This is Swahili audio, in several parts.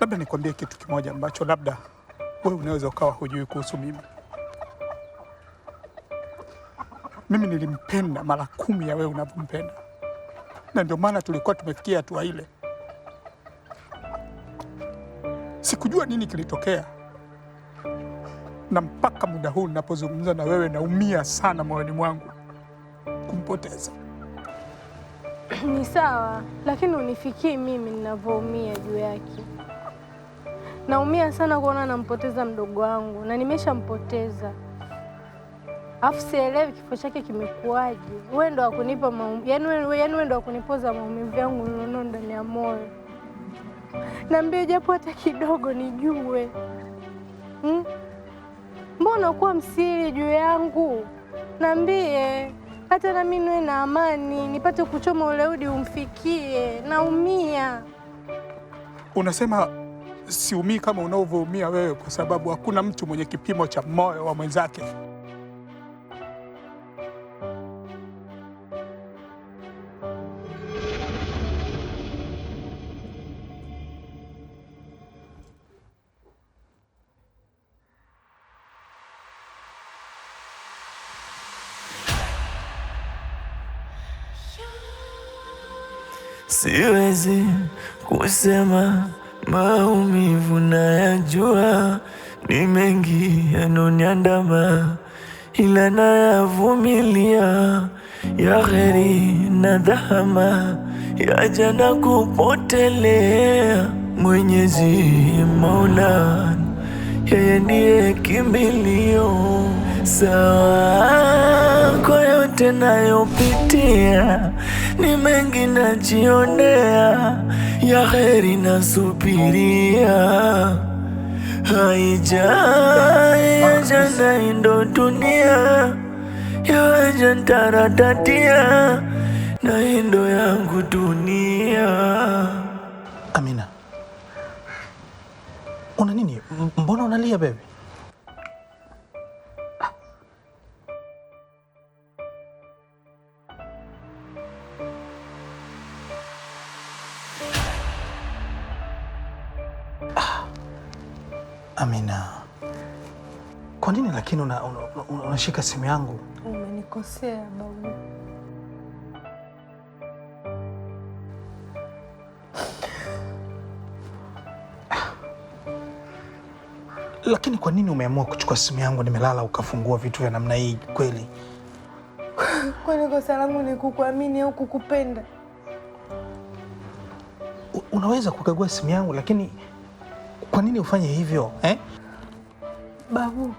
Labda nikwambie kitu kimoja ambacho labda wewe unaweza ukawa hujui kuhusu mimi. Mimi nilimpenda mara kumi ya wewe unavyompenda, na ndio maana tulikuwa tumefikia hatua ile. Sikujua nini kilitokea, na mpaka muda huu ninapozungumza na wewe naumia sana moyoni mwangu kumpoteza. ni sawa, lakini unifikii mimi ninavyoumia juu yake. Naumia sana kuona nampoteza mdogo wangu na nimeshampoteza, afu sielewi kifo chake kimekuwaje. Wewe ndo akunipa maumivu, yaani wewe yaani ndo akunipoza maumivu yangu nilionayo ndani ya moyo. Naambia japo hata kidogo nijue, hmm? Mbona kuwa msiri juu yangu? Niambie hata nami niwe na amani, nipate kuchoma ule udi umfikie. Naumia. Unasema siumii kama unavyoumia wewe, kwa sababu hakuna mtu mwenye kipimo cha moyo wa mwenzake. Siwezi kusema maumivu nayajua, ni mengi yanoniandama, ila nayavumilia. Ya gheri na dhahama, yaja na kupotelea. Mwenyezi Maulana, yeye ndiye kimbilio. Sawa kwa yote nayopitia ni mengi najionea, ya heri nasubiria. Haijaja ndai indo dunia, yaja ntaratatia na indo yangu dunia. Amina, una nini? Mbona unalia bebe? Amina, kwa nini lakini unashika una, una, una simu yangu? Umenikosea baba. Lakini kwa nini umeamua kuchukua simu yangu nimelala, ukafungua vitu vya namna hii kweli? Kwani kosa langu ni kukuamini au kukupenda? Unaweza kukagua simu yangu lakini kwa nini ufanye hivyo eh? Babu,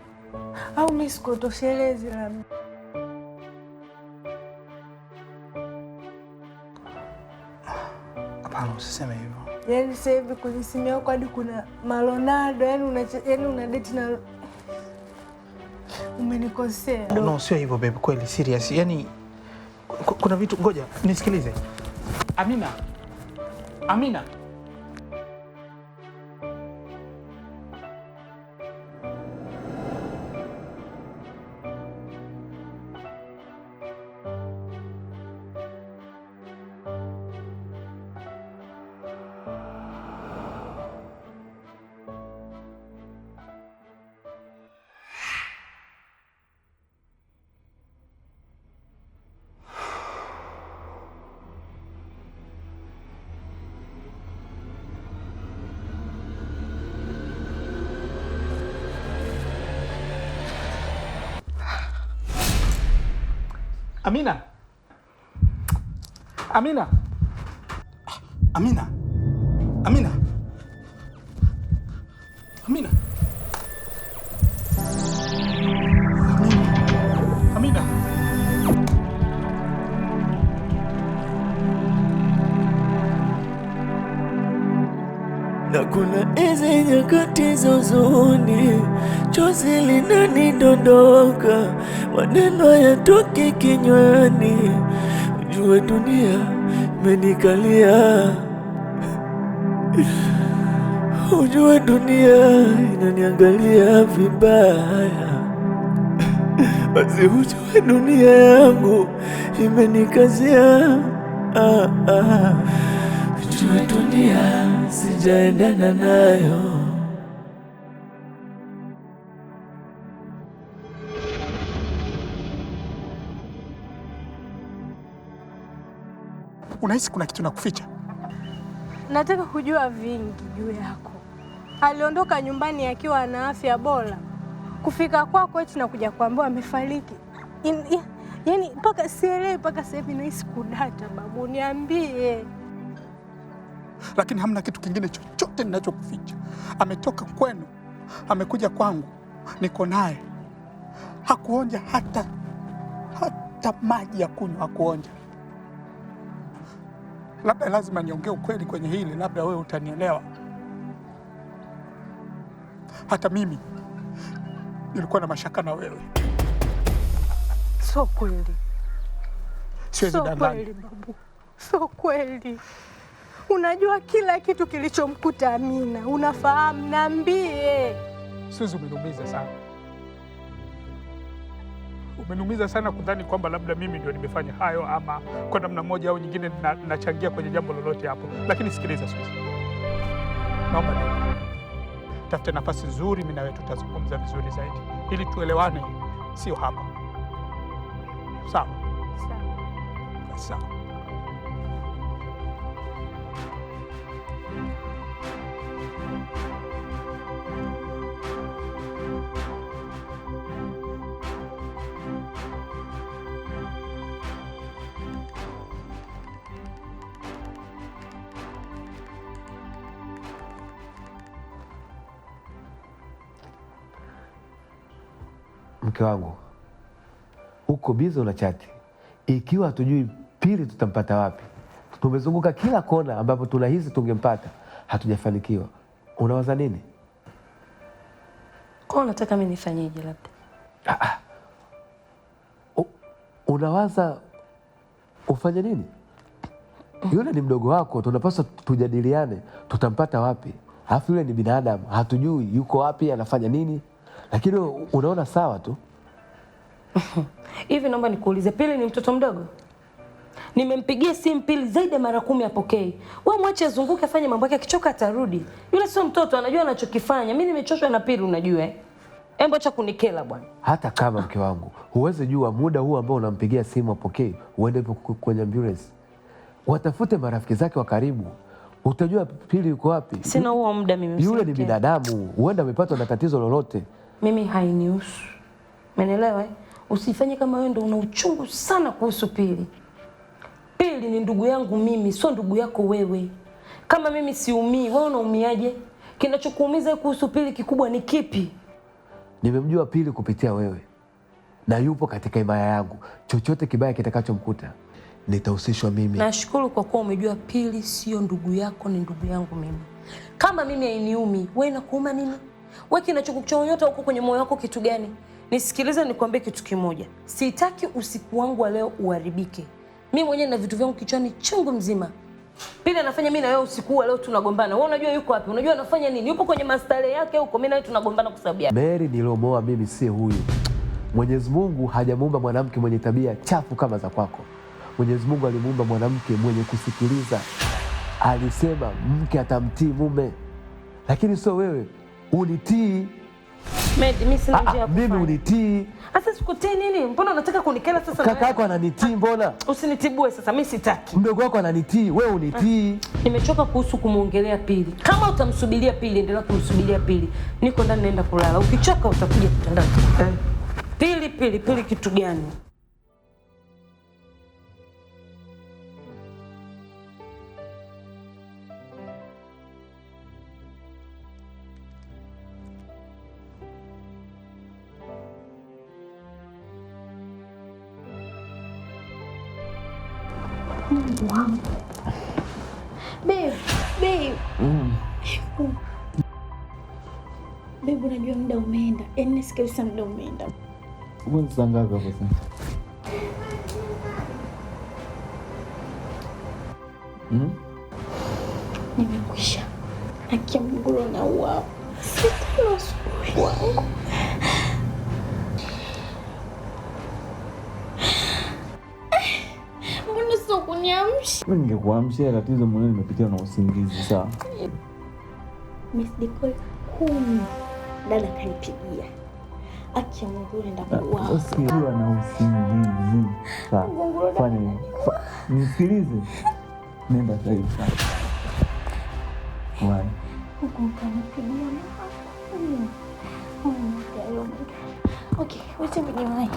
au mimi sikutoshelezi labda? Hapana, usiseme hivyo. Yaani sasa hivi kwenye simu yako hadi kuna Maronaldo, yaani una yaani una date na umenikosea. No, sio hivyo baby, kweli serious. Yaani kuna vitu, ngoja nisikilize. Amina. Amina. Amina, ah, Amina, Amina, Amina, Amina, Amina. Na kuna hizi nyakati za huzuni chozi linanidondoka, maneno hayatoki kinywani, ujue dunia imenikalia, ujue dunia inaniangalia vibaya, basi ujue dunia yangu imenikazia ah, Ujue dunia sijaendana nayo Unahisi kuna kitu nakuficha? Nataka kujua vingi juu yako. Aliondoka nyumbani akiwa ana afya bora, kufika kwako eti na kuja kuambiwa amefariki. Yaani mpaka sielewi, mpaka sasa hivi nahisi kudata. Babu, niambie. Lakini hamna kitu kingine chochote ninachokuficha. Ametoka kwenu, amekuja kwangu, niko naye, hakuonja hata hata maji ya kunywa hakuonja labda lazima niongee ukweli kwenye hili, labda wewe utanielewa. Hata mimi nilikuwa na mashaka na wewe. So kweli, siwezi so kweli, babu, so kweli. Unajua kila kitu kilichomkuta Amina, unafahamu. Niambie, siwezi umeniumiza sana umeniumiza sana kudhani kwamba labda mimi ndio nimefanya hayo ama kwa namna moja au nyingine nachangia na kwenye jambo lolote hapo, lakini sikiliza Suzi, naomba tafute nafasi nzuri, mimi nawe tutazungumza vizuri zaidi ili tuelewane, sio hapa. Sawa sawa. mke wangu, huko bizo na chati, ikiwa hatujui pili tutampata wapi? Tumezunguka kila kona ambapo tunahisi tungempata, hatujafanikiwa. Unawaza nini? Kwa unataka mimi nifanyeje? Labda ah, ah. Unawaza ufanye nini? Mm. Yule ni mdogo wako, tunapaswa tujadiliane, tutampata wapi? Alafu yule ni binadamu, hatujui yuko wapi, anafanya nini lakini unaona sawa tu hivi. Naomba nikuulize, Pili ni mtoto mdogo? Nimempigia simu Pili zaidi ya mara kumi, apokei. Wewe mwache azunguke, afanye mambo yake, akichoka atarudi. Yule sio mtoto, anajua anachokifanya. Mimi nimechoshwa na Pili, unajua eh? Embo cha kunikela bwana. Hata kama mke wangu, huwezi jua muda huu ambao unampigia simu apokee, uende kwenye ambulance, watafute marafiki zake wa karibu, utajua Pili yuko wapi. Sina huo muda mimi, yule ni binadamu, huenda amepatwa na tatizo lolote mimi hainihusu. Umeelewa? Eh? Usifanye kama wewe ndio una uchungu sana kuhusu Pili. Pili ni ndugu yangu mimi, sio ndugu yako wewe. Kama mimi siumii, wewe unaumiaje? Kinachokuumiza kuhusu Pili kikubwa ni kipi? Nimemjua Pili kupitia wewe na yupo katika imaya yangu. Chochote kibaya kitakachomkuta nitahusishwa mimi. Nashukuru kwa kuwa umejua Pili sio ndugu yako, ni ndugu yangu mimi. Kama mimi hainiumi, wewe inakuuma nini? Wewe kinachokuchoyota huko kwenye moyo wako kitu gani? Nisikilize nikwambie kitu kimoja, sitaki usiku wangu wa leo uharibike. Mimi mwenyewe na vitu vyangu kichwani chungu mzima. Pili anafanya mimi na wewe usiku wa leo tunagombana. Wewe unajua yuko wapi? Unajua anafanya nini? Yupo kwenye mastare yake huko, mimi wewe tunagombana kwa sababu yake. Mary niliomboa mimi si huyu. Mwenyezi Mungu hajamuumba mwanamke mwenye tabia chafu kama za kwako. Mwenyezi Mungu alimuumba mwanamke mwenye kusikiliza. Alisema mke atamtii mume, lakini sio wewe ulitii. mimi, ah, ah, ulitii. Ah, sasa sikutii nini? Mbona unataka kunikela sasa? Kaka yako ananitii, mbona usinitibue sasa? Mimi sitaki. Mdogo wako ananitii, wewe unitii. Nimechoka kuhusu kumwongelea Pili. Kama utamsubiria Pili, endelea kumsubiria Pili. Niko ndani naenda kulala, ukichoka utakuja kitandani. Eh. Pili, Pili, Pili kitu gani? nahisi kabisa muda umeenda. Saa ngapi hapo sasa? Hmm? Nimekwisha nakia mguro na uao sitana asubuhi wangu eh, mbona sikuniamsha? Mimi ningekuamsha, tatizo mwenyewe nimepitia na usingizi. saa. Miss Dikoi, huyu dada kanipigia Aki ya Mungu unaenda kuwa. Usiwa na usingizi. Fanya. Nisikilize. Nenda sasa hivi. Okay, wacha mimi.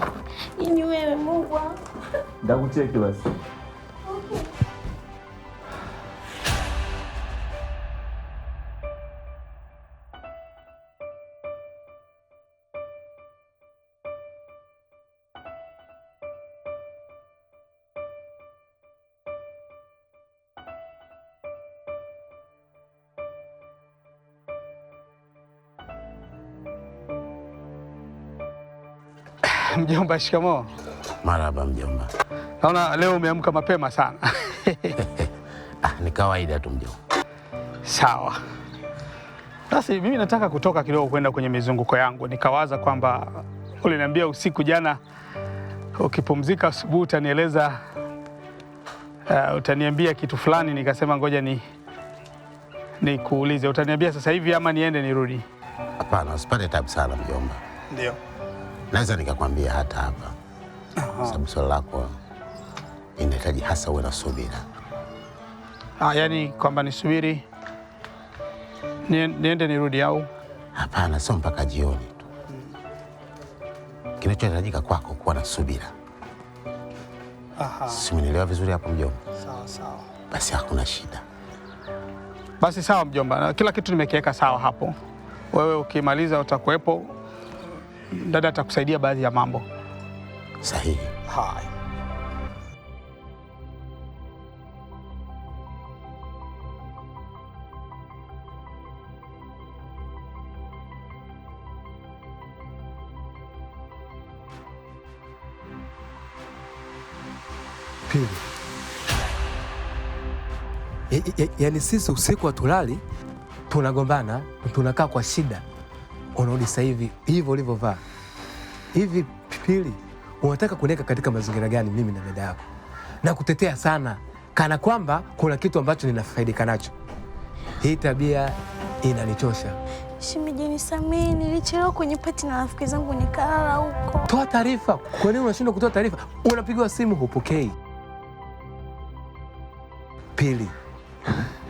Ni wewe Mungu. Ndakucheki basi. Mjomba, shikamoo. Marhaba mjomba. Naona leo umeamka mapema sana. Ah, ni kawaida tu mjomba. Sawa. Basi mimi nataka kutoka kidogo kwenda kwenye mizunguko yangu, nikawaza kwamba uliniambia usiku jana ukipumzika asubuhi utanieleza, uh, utaniambia kitu fulani. Nikasema ngoja ni nikuulize, utaniambia sasa hivi ama niende nirudi? Hapana, usipate tabu sana mjomba. Ndio naweza nikakwambia hata hapa, sababu swala lako inahitaji hasa uwe na subira. Ah, yani kwamba nisubiri niende nirudi au? Hapana, sio mpaka jioni tu. Hmm. Kinachohitajika kwako kuwa na subira. Simenielewa vizuri hapo mjomba? Sawa sawa. Basi hakuna shida. Basi sawa mjomba, kila kitu nimekiweka sawa hapo. Wewe ukimaliza utakuwepo dada atakusaidia baadhi ya mambo sahihi. Hai. Yaani sisi usiku hatulali, tunagombana, tunakaa kwa shida unarudi sasa hivi hivyo ulivyovaa hivi. Pili, unataka kuniweka katika mazingira gani mimi na dada yako? Na kutetea sana, kana kwamba kuna kitu ambacho ninafaidika nacho. Hii tabia inanichosha. Shemeji, nisamehe, nilichelewa kwenye pati na rafiki zangu nikalala huko. Toa taarifa. Kwa nini unashindwa kutoa taarifa? Unapigiwa simu hupokei. Pili,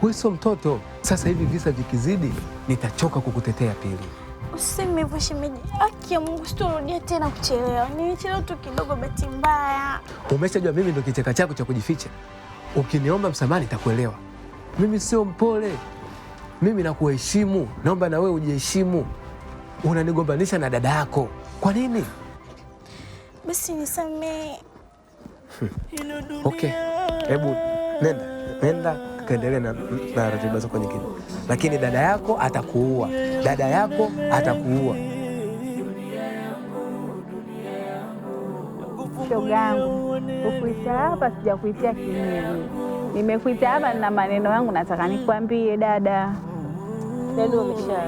wewe sio mtoto. Sasa hivi visa vikizidi, nitachoka kukutetea Pili. Useme hivyo shemeji, aki ya Mungu, sitorudia tena kuchelewa. Nilichelewa tu kidogo, bahati mbaya. Umeshajua mimi ndo kicheka chako cha kujificha. Ukiniomba msamaha nitakuelewa. Mimi sio mpole, mimi nakuheshimu. Naomba na wewe ujiheshimu. Unanigombanisha na dada yako kwa nini? Basi nisamee. Okay, hebu nenda nenda, kaendelee na ratiba zako nyingine, lakini dada yako atakuua dada yako atakuua. Shoga yangu, ukuita hapa sijakuitia kinyemi, nimekuita hapa na maneno yangu nataka nikwambie dada. Yaani umesha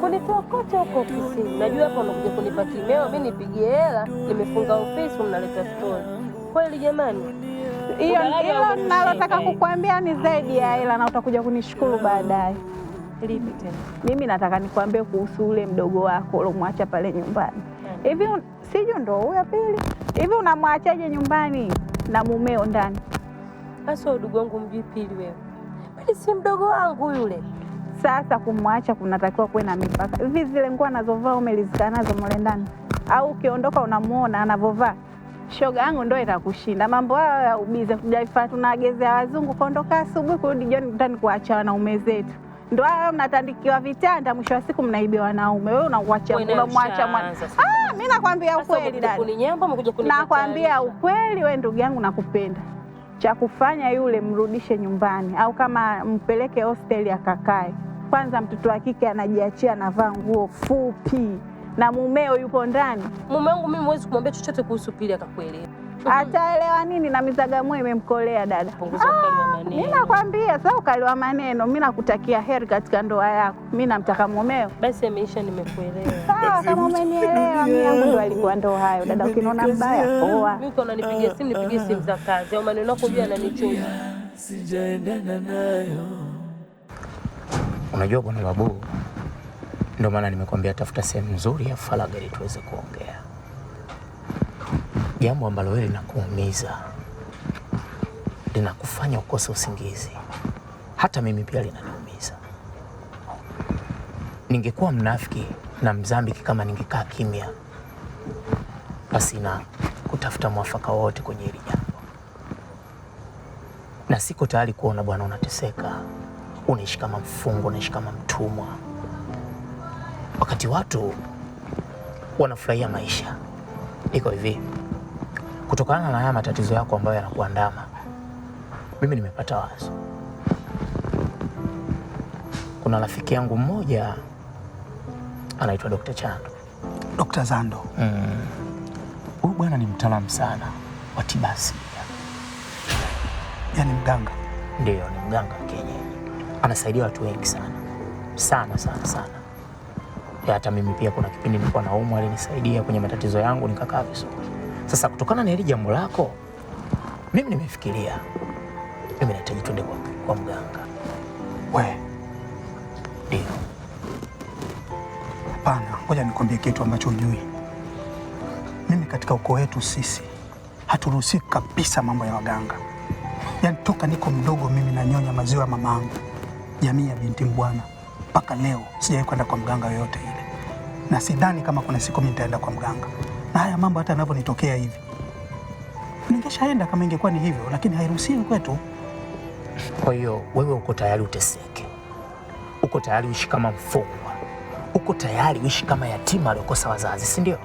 kunitoa kote huko ofisi? najua hapa unakuja kunipa kimeo, mi nipigie hela, nimefunga ofisi, mnaleta stori kweli jamani? Hiyo hilo nalotaka kukwambia ni zaidi ya hela, na utakuja kunishukuru baadaye. Lipi tena? Mimi nataka nikwambie kuhusu ule mdogo wako ulomwacha pale nyumbani mm. hivi hmm. Sijo ndo huyo pili hivi, unamwachaje nyumbani na mumeo ndani? Hasa udugu wangu mjui pili wewe, bali si mdogo wangu yule. Sasa kumwacha kunatakiwa kuwe na mipaka. Hivi zile nguo anazovaa umelizika nazo mule ndani, au ukiondoka unamuona anavovaa? Shoga yangu ndo itakushinda mambo hayo ya ubize kujaifaa. Tunaagezea wazungu, kuondoka asubuhi kurudi jioni, ndani kuacha wanaume zetu ndo haya, mnatandikiwa vitanda, mwisho wa siku mnaibia wanaume. Wewe unauacha unamwacha mwana. Ah, mimi nakwambia ukweli dada, nakwambia ukweli. Wewe ndugu yangu, nakupenda cha kufanya yule mrudishe nyumbani, au kama mpeleke hosteli akakae kwanza. Mtoto wa kike anajiachia, anavaa nguo fupi na mumeo yupo ndani. Mume wangu mimi huwezi kumwambia chochote kuhusu Pili akakuelewa ataelewa nini? Na Mizagamu imemkolea dada. Ah, mimi nakwambia sasa, ukali wa maneno. Mimi nakutakia heri katika ndoa yako, mimi namtaka mumeo. Basi ameisha. nimekuelewa. Sawa, kama umenielewa mimi yangu ndo alikuwa ndo hayo dada. Ukinaona mbaya poa, mimi nipige simu, nipige simu za kazi au maneno yako juu yananichoma. Sijaendana nayo. Unajua bwana babu, ndio maana nimekwambia tafuta sehemu nzuri ya faragha ili tuweze kuongea jambo ambalo wewe linakuumiza, linakufanya ukose usingizi. Hata mimi pia linaniumiza. Ningekuwa mnafiki na mzambiki kama ningekaa kimya basi na kutafuta mwafaka wote kwenye hili jambo, na siko tayari kuona bwana unateseka, unaishi kama mfungo, unaishi kama mtumwa, wakati watu wanafurahia maisha. Iko hivi kutokana na haya matatizo yako ambayo yanakuandama, mimi nimepata wazo. Kuna rafiki yangu mmoja anaitwa Dokta Chando, Dokta Zando. Mm. Huyu mm. bwana ni mtaalamu sana wa tiba asilia, yaani mganga. ndio ni mganga wa kienyeji, anasaidia watu wengi sana sana sana sana. Hata mimi pia kuna kipindi nilikuwa naumwa, alinisaidia kwenye matatizo yangu, nikakaa vizuri. Sasa kutokana na hili jambo lako, mimi nimefikiria, mimi nahitaji twende kwa, kwa mganga. We ndio? Hapana, ngoja nikwambie kitu ambacho hujui. Mimi katika ukoo wetu sisi haturuhusi kabisa mambo ya waganga. Yaani toka niko mdogo mimi nanyonya maziwa ya mamangu, jamii ya binti Mbwana, mpaka leo sijawahi kwenda kwa mganga yoyote ile, na sidhani kama kuna siku mimi nitaenda kwa mganga na haya mambo hata yanavyonitokea hivi. Ningeshaenda kama ingekuwa ni hivyo, lakini hairuhusiwi kwetu. Kwa hiyo wewe uko tayari uteseke, uko tayari uishi kama mfungwa, uko tayari uishi kama yatima aliokosa wazazi, si ndio?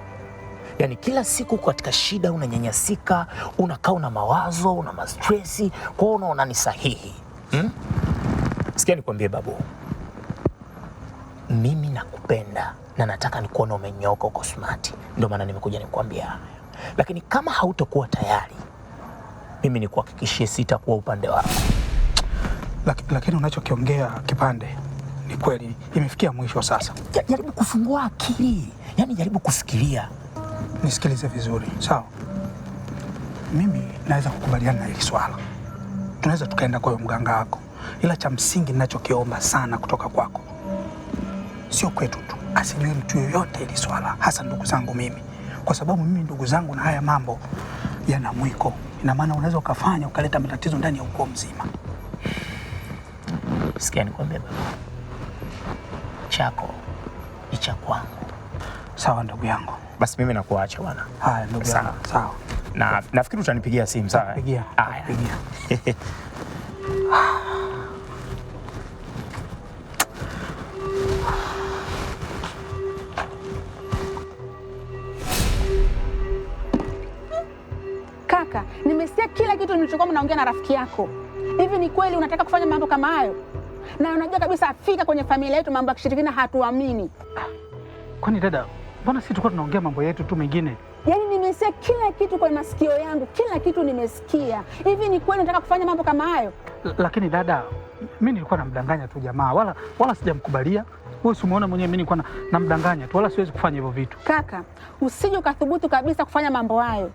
Yaani kila siku uko katika shida, unanyanyasika, unakaa una mawazo, una mastresi, kwa hiyo unaona ni sahihi hmm? Sikia nikwambie babu, mimi nakupenda na nataka nikuona umenyoka, uko smart, ndio maana nimekuja nikuambia hayo. Lakini kama hautakuwa tayari, mimi nikuhakikishie sitakuwa upande wako. Laki, lakini unachokiongea kipande ni kweli, imefikia mwisho sasa. jaribu kufungua akili, yaani jaribu kusikilia. Nisikilize vizuri, sawa? Mimi naweza kukubaliana na hili swala, tunaweza tukaenda kwa mganga wako, ila cha msingi ninachokiomba sana kutoka kwako, sio kwetu tu asijui mtu yoyote ili swala, hasa ndugu zangu mimi, kwa sababu mimi ndugu zangu, na haya mambo yana mwiko. Ina maana unaweza ukafanya ukaleta matatizo ndani ya ukoo mzima. Sikia nikwambie baba, chako ni cha kwangu. Sawa ndugu yangu, basi mimi nakuacha bwana. Haya ndugu yangu, sawa na nafikiri utanipigia simu. Sawa, pigia. Haya. kaka, nimesikia kila kitu nilichokuwa mnaongea na rafiki yako. Hivi ni kweli unataka kufanya mambo kama hayo? Na unajua kabisa afika kwenye familia yetu mambo ya kishirikina hatuamini. Kwani dada, mbona sisi tulikuwa tunaongea mambo yetu tu mengine? Yaani nimesikia kila kitu kwa masikio yangu, kila kitu nimesikia. Hivi ni kweli unataka kufanya mambo kama hayo? Lakini dada, mimi nilikuwa namdanganya tu jamaa, wala wala sijamkubalia. Wewe umeona mwenyewe, mimi nilikuwa namdanganya tu, wala siwezi kufanya hivyo vitu. Kaka, usije ukathubutu kabisa kufanya mambo hayo.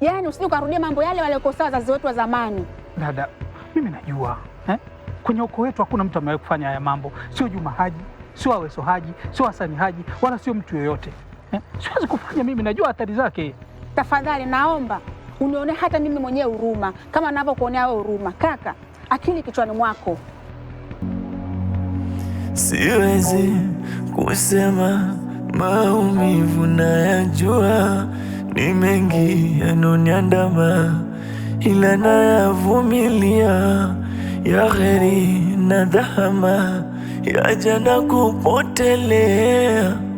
Yaani usije ukarudia mambo yale waliokosa wazazi wetu wa zamani. Dada, mimi najua eh? Kwenye ukoo wetu hakuna mtu amewahi kufanya haya mambo, sio Juma Haji, sio Aweso Haji, sio Hasani Haji, wala sio mtu yoyote eh? Siwezi kufanya mimi, najua hatari zake. Tafadhali naomba unione hata mimi mwenyewe huruma kama ninavyokuonea wewe huruma. Kaka, akili kichwani mwako. Siwezi kusema maumivu nayajua ni mengi yanoniandama, ila nayavumilia ya heri na dhahama, yaja na kupotelea